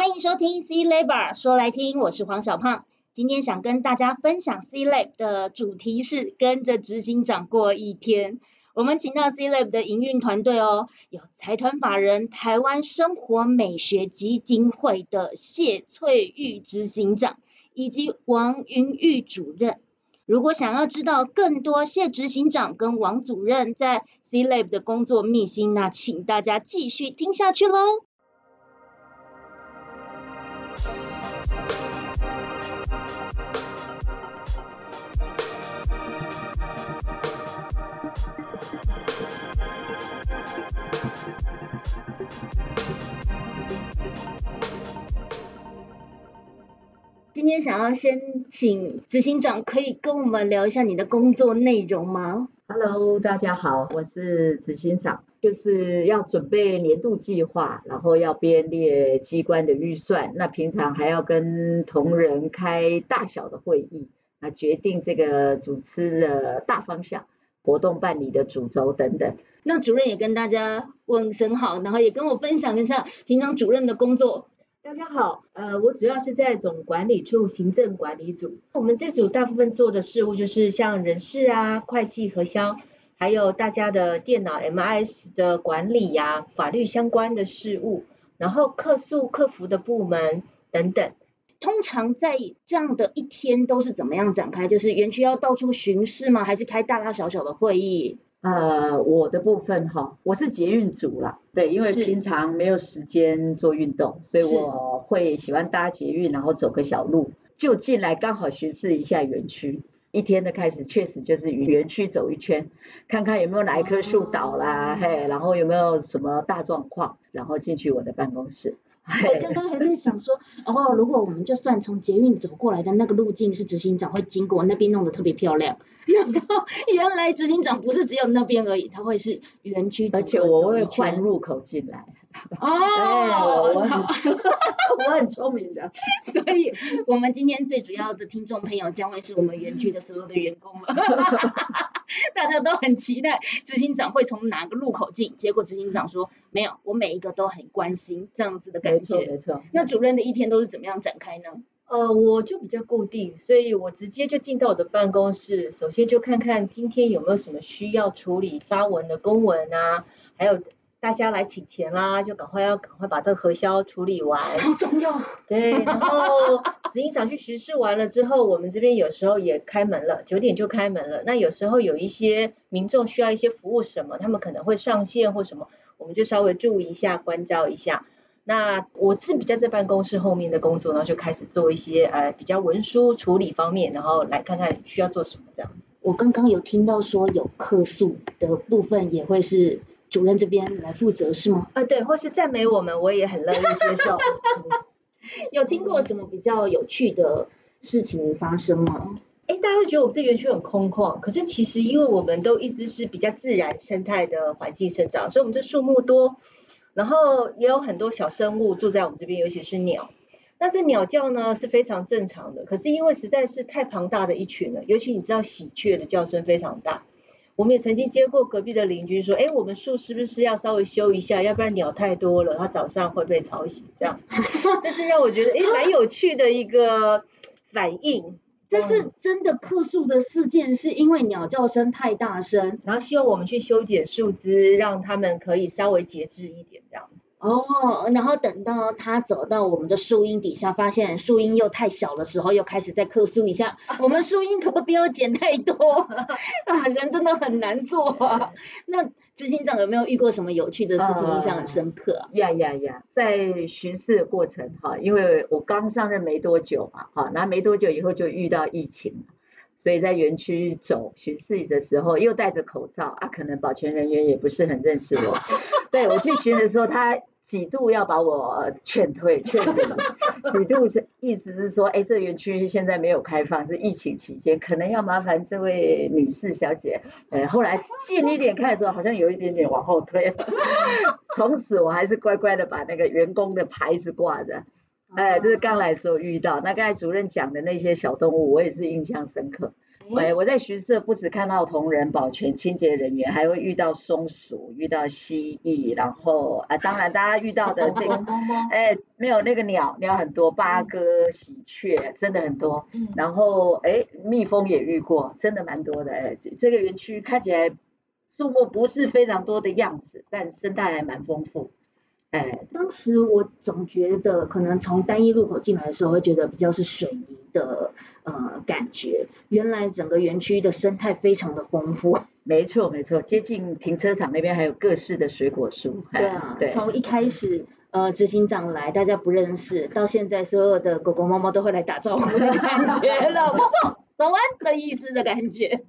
歡迎收聽《C-LABar》說來聽，我是黃小胖。今天想跟大家分享 C Lab 的主題是跟着執行長過一天。我們請到 C Lab 的營運團隊哦，有財團法人台灣生活美學基金會的謝翠玉執行長，以及王雲玉主任。如果想要知道更多謝執行長跟王主任在 C Lab 的工作秘辛，那請大家繼續聽下去嘍。今天想要先請執行長可以跟我們聊一下你的工作內容嗎？Hello，大家好，我是執行長，就是要準備年度計劃，然後要編列機關的預算，那平常還要跟同仁開大小的會議，啊，決定這個主持的大方向、活動辦理的主軸等等。那主任也跟大家問聲好，然後也跟我分享一下平常主任的工作。大家好，呃，我主要是在總管理處行政管理組。我們這組大部分做的事務就是像人事啊、會計核銷，還有大家的電腦 MIS 的管理呀、啊、法律相關的事務，然後客訴客服的部門等等。通常在這樣的一天都是怎麼樣展開？就是園區要到處巡視嗎？還是開大大小小的會議？呃，我的部分哈，我是捷運組啦，對，因為平常沒有時間做運動，所以我會喜歡搭捷運，然後走個小路，就進來剛好巡視一下園區。一天的開始確實就是與園區走一圈，看看有沒有哪一棵樹倒啦，嘿、oh. hey,，然後有沒有什麼大狀況，然後進去我的辦公室。我剛剛還在想說，哦，如果我們就算從捷運走過來的那個路徑是執行長會經過那邊弄得特別漂亮，然 後原來執行長不是只有那邊而已，他會是園區而且我會換入口進來。哦、oh, 我很， 我很聰聰明的， 所以我們今天最主要的聽眾朋友將會是我們園區的所有的員工了， 大家都很期待執行長會從哪個路口進。結果執行長說沒有，我每一個都很關心這樣子的感覺。沒錯沒錯。那主任的一天都是怎麼樣展開呢？呃，我就比較固定，所以我直接就進到我的辦公室，首先就看看今天有沒有什麼需要處理發文的公文啊，還有。大家來請錢啦，就趕快要趕快把這個核銷處理完，好重要。對，然後執行長去巡視完了之後， 我們這邊有時候也開門了，九點就開門了。那有時候有一些民眾需要一些服務，什麼他們可能會上線或什麼，我們就稍微注意一下，關照一下。那我自比較在辦公室後面的工作呢，然後就開始做一些呃比較文書處理方面，然後來看看需要做什麼這樣。我剛剛有聽到說有客訴的部分也會是。主任這邊來負責是嗎？啊，對，或是讚美我們，我也很樂意接受、 嗯。有聽過什麼比較有趣的事情發生嗎？誒、欸，大家會覺得我們這園區很空曠，可是其實因為我們都一直是比較自然生態的環境生長，所以我們這樹木多，然後也有很多小生物住在我們這邊，尤其是鳥。那這鳥叫呢，是非常正常的，可是因為實在是太龐大的一群了，尤其你知道喜鵲的叫聲非常大。我們也曾經接過隔壁的鄰居說，哎，我們樹是不是要稍微修一下？要不然鳥太多了，它早上會被吵醒。這樣，這是讓我覺得哎，蠻有趣的一個反應。這是真的，客訴的事件是因為鳥叫聲太大聲，嗯，然後希望我們去修剪樹枝，讓它們可以稍微節制一點這樣。哦，然後等到他走到我們的樹蔭底下，發現樹蔭又太小的時候，又開始在刻樹蔭下、啊，我們樹蔭可不可以不要剪太多啊，啊，人真的很難做。啊。嗯、那執行長有沒有遇過什麼有趣的事情，嗯、印象很深刻、啊？呀呀呀，在巡視的過程哈，因為我剛上任沒多久嘛，哈，然後沒多久以後就遇到疫情。所以在園區走巡視的時候，又戴着口罩啊，可能保全人員也不是很認識我。對，我去巡的時候，他幾度要把我勸退，勸退，幾度是意思是說，哎、欸，這園區現在沒有開放，是疫情期間，可能要麻煩這位女士小姐。呃，後來近一點看的時候，好像有一點點往後退。從此我還是乖乖的把那個員工的牌子掛着。哎，這、就是剛來的時候遇到。那剛才主任講的那些小動物，我也是印象深刻。欸、哎，我在巡視不只看到同仁、保全、清潔人員，還會遇到松鼠、遇到蜥蜴，然後啊，當然大家遇到的這個， 哎，沒有那個鳥，鳥很多，八哥、喜鵲，真的很多。然後哎，蜜蜂也遇過，真的蠻多的。哎，這個園區看起來樹木不是非常多的樣子，但生態還蠻豐富。哎，當時我總覺得可能從單一路口進來的時候會覺得比較是水泥的呃感覺，原來整個園區的生態非常的豐富。沒錯沒錯，接近停車場那邊還有各式的水果樹。哎、對啊對，從一開始呃執行長來大家不認識，到現在所有的狗狗貓貓都會來打招呼的感覺了，不 不，汪汪的意思的感覺。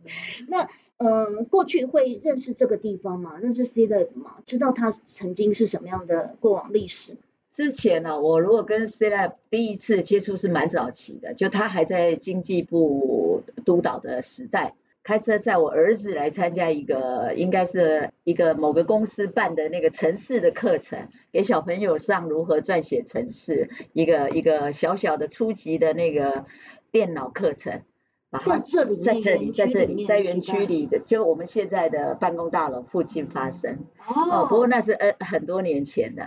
那。嗯，過去會認識這個地方嗎？認識 C-LAB 嗎？知道他曾經是什麼樣的過往歷史？之前呢、啊，我如果跟 C-LAB 第一次接觸是蠻早期的，就他還在經濟部督導的時代，開車載我兒子來參加一個，應該是一個某個公司辦的那個程式的課程，給小朋友上如何撰寫程式，一個一個小小的初級的那個電腦課程。把在這裡,這裡,在這裡,裡，在這裡，在這裡，在園區裡的，就我們現在的辦公大樓附近發生。嗯、哦、啊。不過那是呃很多年前的，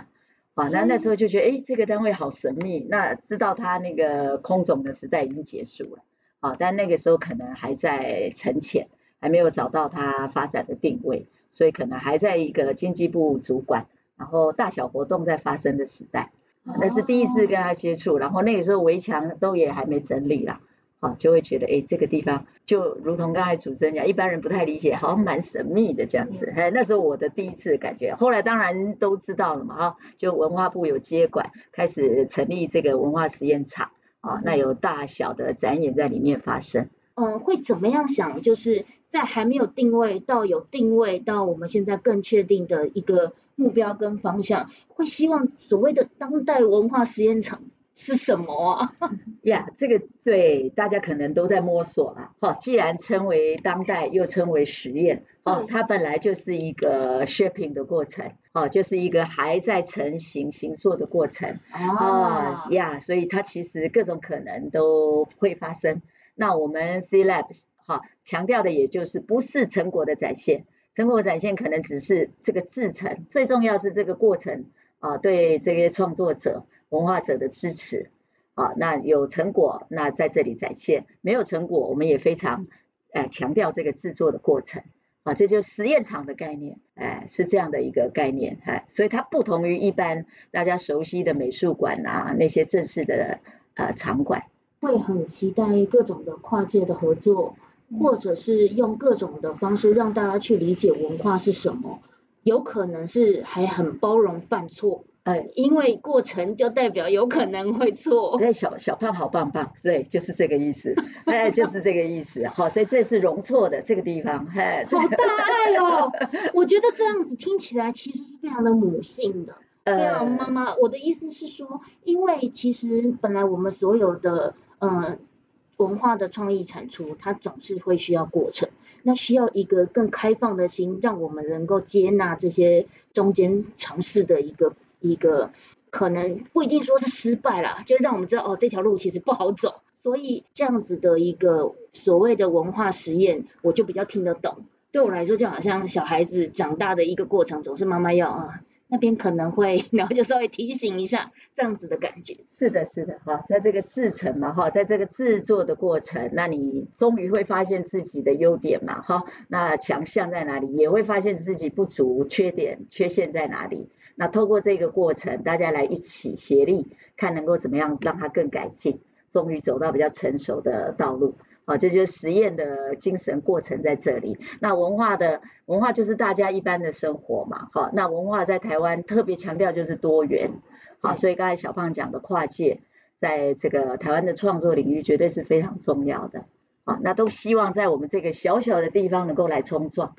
啊，那那時候就覺得，哎、欸，這個單位好神秘。那知道他那個空總的時代已經結束了，啊，但那個時候可能還在沉潛，還沒有找到他發展的定位，所以可能還在一個經濟部主管，然後大小活動在發生的時代。啊，那是第一次跟他接觸，哦，然後那個時候圍牆都也還沒整理啦。啊，就會覺得哎、欸，這個地方就如同剛才主持人講，一般人不太理解，好像蠻神秘的這樣子。嗯、那時候我的第一次感覺，後來當然都知道了嘛。哈，就文化部有接管，開始成立這個文化實驗場、嗯。啊，那有大小的展演在裡面發生。嗯，會怎麼樣想？就是在還沒有定位到有定位到我們現在更確定的一個目標跟方向，會希望所謂的當代文化實驗場。是什麼啊？呀、 yeah,，這個對大家可能都在摸索了、啊。哈、哦，既然稱為當代，又稱為實驗，哦，它本來就是一個 shipping 的過程，哦，就是一個還在成型、形塑的過程。啊、oh. 呀、哦，yeah, 所以它其實各種可能都會發生。那我們 C-LAB 哈、哦、強調的也就是不是成果的展現，成果的展現可能只是這個製程，最重要是這個過程啊、哦，對這些創作者。文化者的支持啊，那有成果，那在這裡展現；沒有成果，我們也非常哎強調這個製作的過程啊，這就是實驗場的概念，哎，是這樣的一個概念，哎，所以它不同於一般大家熟悉的美術館啊、那些正式的呃場館。會很期待各種的跨界的合作，或者是用各種的方式讓大家去理解文化是什麼，有可能是還很包容犯錯。呃，因為過程就代表有可能會錯、嗯。哎、嗯，小小胖好棒棒，對，就是這個意思。 哎，就是這個意思。好，所以這是容錯的這個地方。嘿、哎，好大愛哦！ 我覺得這樣子聽起來其實是非常的母性的。對、嗯、啊，媽媽，我的意思是說，因為其實本來我們所有的嗯、呃、文化的創意產出，它總是會需要過程，那需要一個更開放的心，讓我們能夠接納這些中間嘗試的一個。一個可能不一定說是失敗啦，就讓我們知道哦，這條路其實不好走。所以這樣子的一個所謂的文化實驗，我就比較聽得懂。對我來說，就好像小孩子長大的一個過程，總是媽媽要啊。那邊可能會，然後就稍微提醒一下，這樣子的感覺。是的，是的，哈，在這個製程嘛，哈，在這個製作的過程，那你終於會發現自己的優點嘛，哈，那強項在哪裡，也會發現自己不足、缺點、缺陷在哪裡。那透過這個過程，大家來一起協力，看能夠怎麼樣讓它更改進，終於走到比較成熟的道路。好、啊，這就是實驗的精神過程在這裡。那文化的文化就是大家一般的生活嘛，好、啊，那文化在台灣特別強調就是多元，好、啊，所以剛才小胖講的跨界，在這個台灣的創作領域絕對是非常重要的，好、啊，那都希望在我們這個小小的地方能夠來衝撞，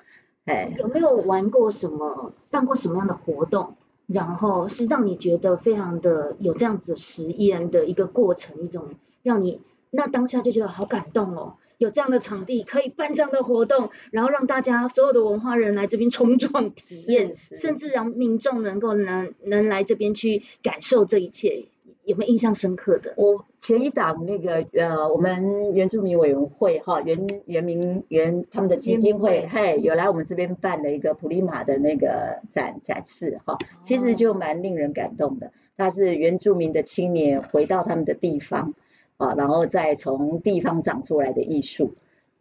哎，有沒有玩過什麼，上過什麼樣的活動，然後是讓你覺得非常的有這樣子實驗的一個過程，一種讓你，那當下就覺得好感動哦！有這樣的場地可以辦這樣的活動，然後讓大家所有的文化人來這邊衝撞體驗，甚至讓民眾能夠能能來這邊去感受這一切，有沒有印象深刻的？我前一檔那個呃，我們原住民委員會哈，原原民原他們的基金會嘿，hey, 有來我們這邊辦了一個普利馬的那個展展示哈，其實就蠻令人感動的。他、哦、是原住民的青年回到他們的地方。啊，然後再從地方長出來的藝術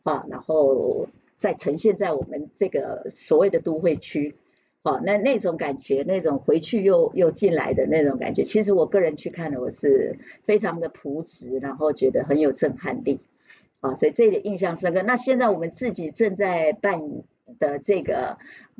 啊，然後再呈現在我們這個所謂的都會區啊，那那種感覺，那種回去又又進來的那種感覺，其實我個人去看了，我是非常的樸實，然後覺得很有震撼力啊，所以這一點印象深刻。那現在我們自己正在辦的這個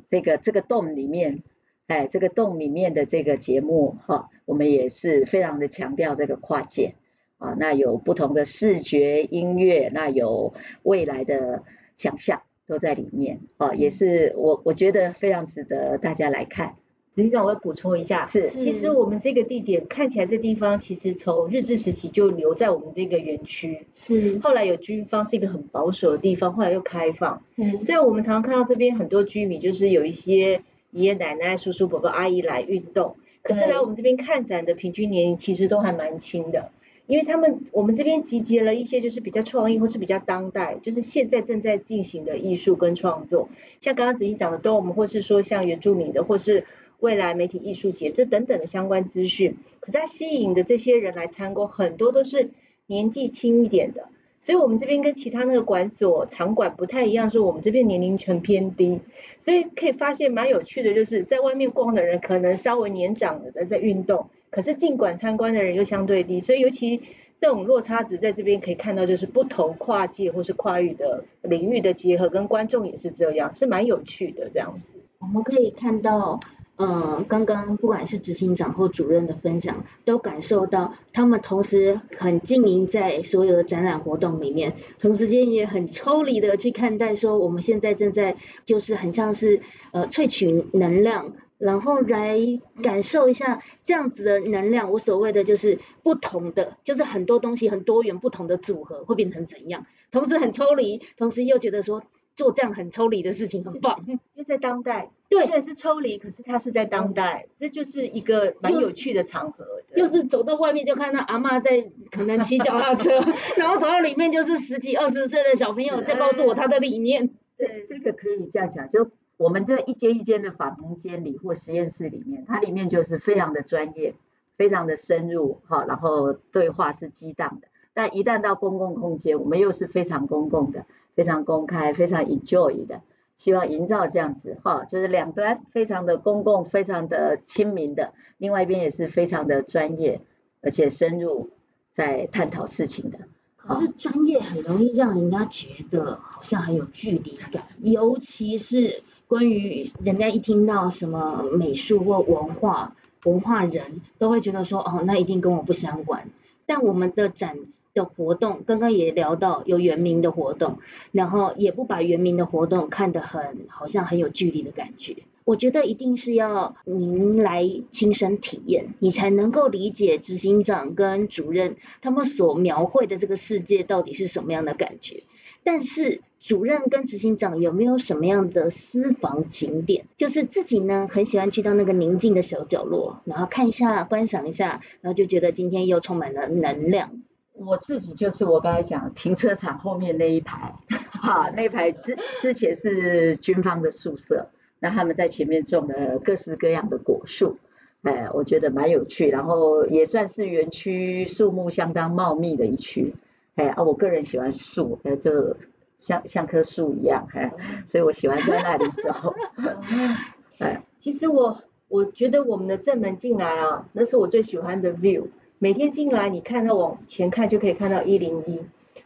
這個這個洞裡面，哎，這個洞裡面的這個節目哈，啊，我們也是非常的強調這個跨界。啊，那有不同的視覺、音樂，那有未來的想象，都在裡面啊，也是我我覺得非常值得大家來看。實際上我要補充一下，是，其實我們這個地點看起來這地方，其實從日治時期就留在我們這個園區，是。後來有軍方是一個很保守的地方，後來又開放。嗯。所以我們常常看到這邊很多居民，就是有一些爺爺奶奶、叔叔伯伯、阿姨來運動，可是來我們這邊看展的平均年齡其實都還蠻輕的。因為他們，我們這邊集結了一些就是比較創意或是比較當代，就是現在正在進行的藝術跟創作，像剛剛子怡講的，都我們或是說像原住民的或是未來媒體藝術節這等等的相關資訊，可是它吸引的這些人來參觀，很多都是年紀輕一點的，所以我們這邊跟其他那個館所場館不太一樣，說我們這邊年齡層偏低，所以可以發現蠻有趣的，就是在外面逛的人可能稍微年長的在運動。可是，儘管參觀的人又相對低，所以尤其這種落差值在這邊可以看到，就是不同跨界或是跨域的領域的結合，跟觀眾也是這樣，是蠻有趣的這樣子。我們可以看到，呃，剛剛不管是執行長或主任的分享，都感受到他們同時很經營在所有的展覽活動裡面，同時間也很抽離的去看待說，我們現在正在就是很像是呃萃取能量。然後來感受一下這樣子的能量，我所謂的就是不同的，就是很多東西很多元不同的組合會變成怎樣，同時很抽離，同時又覺得說做這樣很抽離的事情很棒。因為在當代，對，雖然是抽離，可是它是在當代，嗯，這就是一個蠻有趣的場合又。又是走到外面就看到阿嬤在可能騎腳踏車。 然後走到裡面就是十幾二十歲的小朋友在告訴我他的理念。是的。對。對，這個可以這樣講，就。我們這一間一間的房間裡或實驗室裡面，它裡面就是非常的專業，非常的深入哈，然後對話是激盪的。但一旦到公共空間，我們又是非常公共的，非常公開，非常 enjoy 的。希望營造這樣子哈，就是兩端非常的公共，非常的親民的，另外一邊也是非常的專業而且深入在探討事情的。可是專業很容易讓人家覺得好像很有距離感，尤其是。關於人家一聽到什麼美術或文化，文化人，都會覺得說哦，那一定跟我不相關。但我們的展的活動，剛剛也聊到有原民的活動，然後也不把原民的活動看得很，好像很有距離的感覺。我覺得一定是要您來親身體驗，你才能夠理解執行長跟主任他們所描繪的這個世界到底是什麼樣的感覺。但是。主任跟執行長有沒有什麼樣的私房景點？就是自己呢很喜歡去到那個寧靜的小角落，然後看一下觀賞一下，然後就覺得今天又充滿了能量。我自己就是我剛才講停車場後面那一排，哈， 那一排之之前是軍方的宿舍， 那他們在前面種了各式各樣的果樹，哎，我覺得蠻有趣，然後也算是園區樹木相當茂密的一區，哎，啊，我個人喜歡樹，哎，就像像棵樹一樣，所以我喜歡在那裡走。哎， 其實我我覺得我們的正門進來啊，那是我最喜歡的 view。每天進來，你看到往前看就可以看到一零一，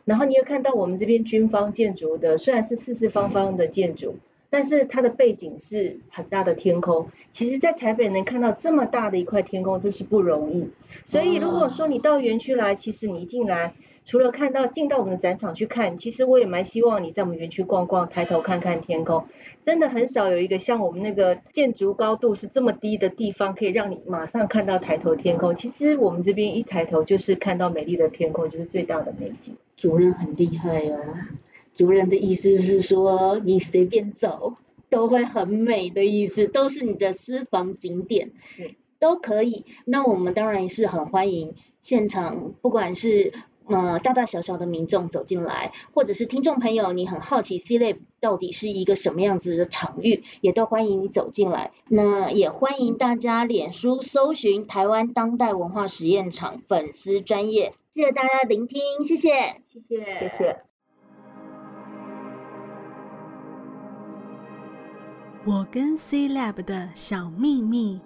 然後你又看到我們這邊軍方建築的，雖然是四四方方的建築，但是它的背景是很大的天空。其實，在台北能看到這麼大的一塊天空，真是不容易。所以，如果說你到園區來，啊，其實你一進來。除了看到進到我們的展場去看，其實我也蠻希望你在我們園區逛逛，抬頭看看天空。真的很少有一個像我們那個建築高度是這麼低的地方，可以讓你馬上看到抬頭天空。其實我們這邊一抬頭就是看到美麗的天空，就是最大的美景。主任很厲害哦、啊，主任的意思是說，你隨便走都會很美的意思，都是你的私房景點，是都可以。那我們當然是很歡迎現場，不管是。呃，大大小小的民眾走進來，或者是聽眾朋友，你很好奇 C-LAB 到底是一個什麼樣子的場域，也都歡迎你走進來。那也歡迎大家臉書搜尋“台灣當代文化實驗場”粉絲專頁。謝謝大家聆聽，謝謝，謝謝，謝謝。我跟 C-LAB 的小秘密。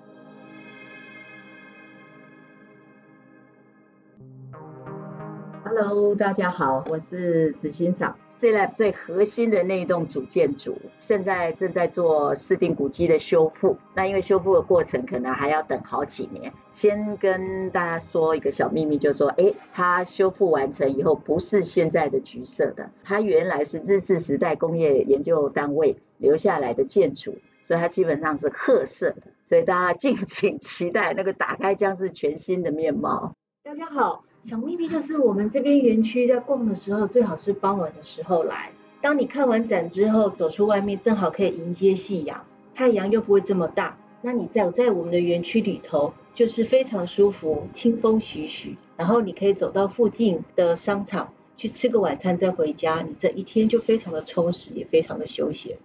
Hello，大家好，我是執行長。這棟最核心的那棟主建築，現在正在做市定古蹟的修復。那因為修復的過程可能還要等好幾年，先跟大家說一個小秘密，就是說，哎，它修復完成以後不是現在的橘色的，它原來是日治時代工業研究單位留下來的建築，所以它基本上是褐色的。所以大家敬請期待，那個打開將是全新的面貌。大家好。小秘密就是我們這邊園區在逛的時候，最好是傍晚的時候來。當你看完展之後，走出外面，正好可以迎接夕陽，太陽又不會這麼大。那你在在我們的園區裡頭，就是非常舒服，清風徐徐，然後你可以走到附近的商場去吃個晚餐再回家，你這一天就非常的充實，也非常的休閒。